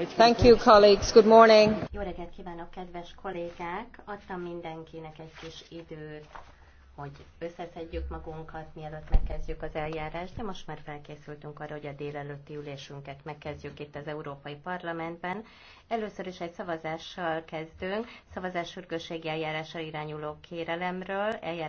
Jó reggelt kívánok, kedves kollégák! Adtam mindenkinek egy kis időt, hogy összeszedjük magunkat, mielőtt megkezdjük az eljárást, de most már felkészültünk arra, hogy a délelőtti ülésünket megkezdjük itt az Európai Parlamentben. Először is egy szavazással kezdünk, szavazás sürgősségi eljárásra irányuló kérelemről, eljárás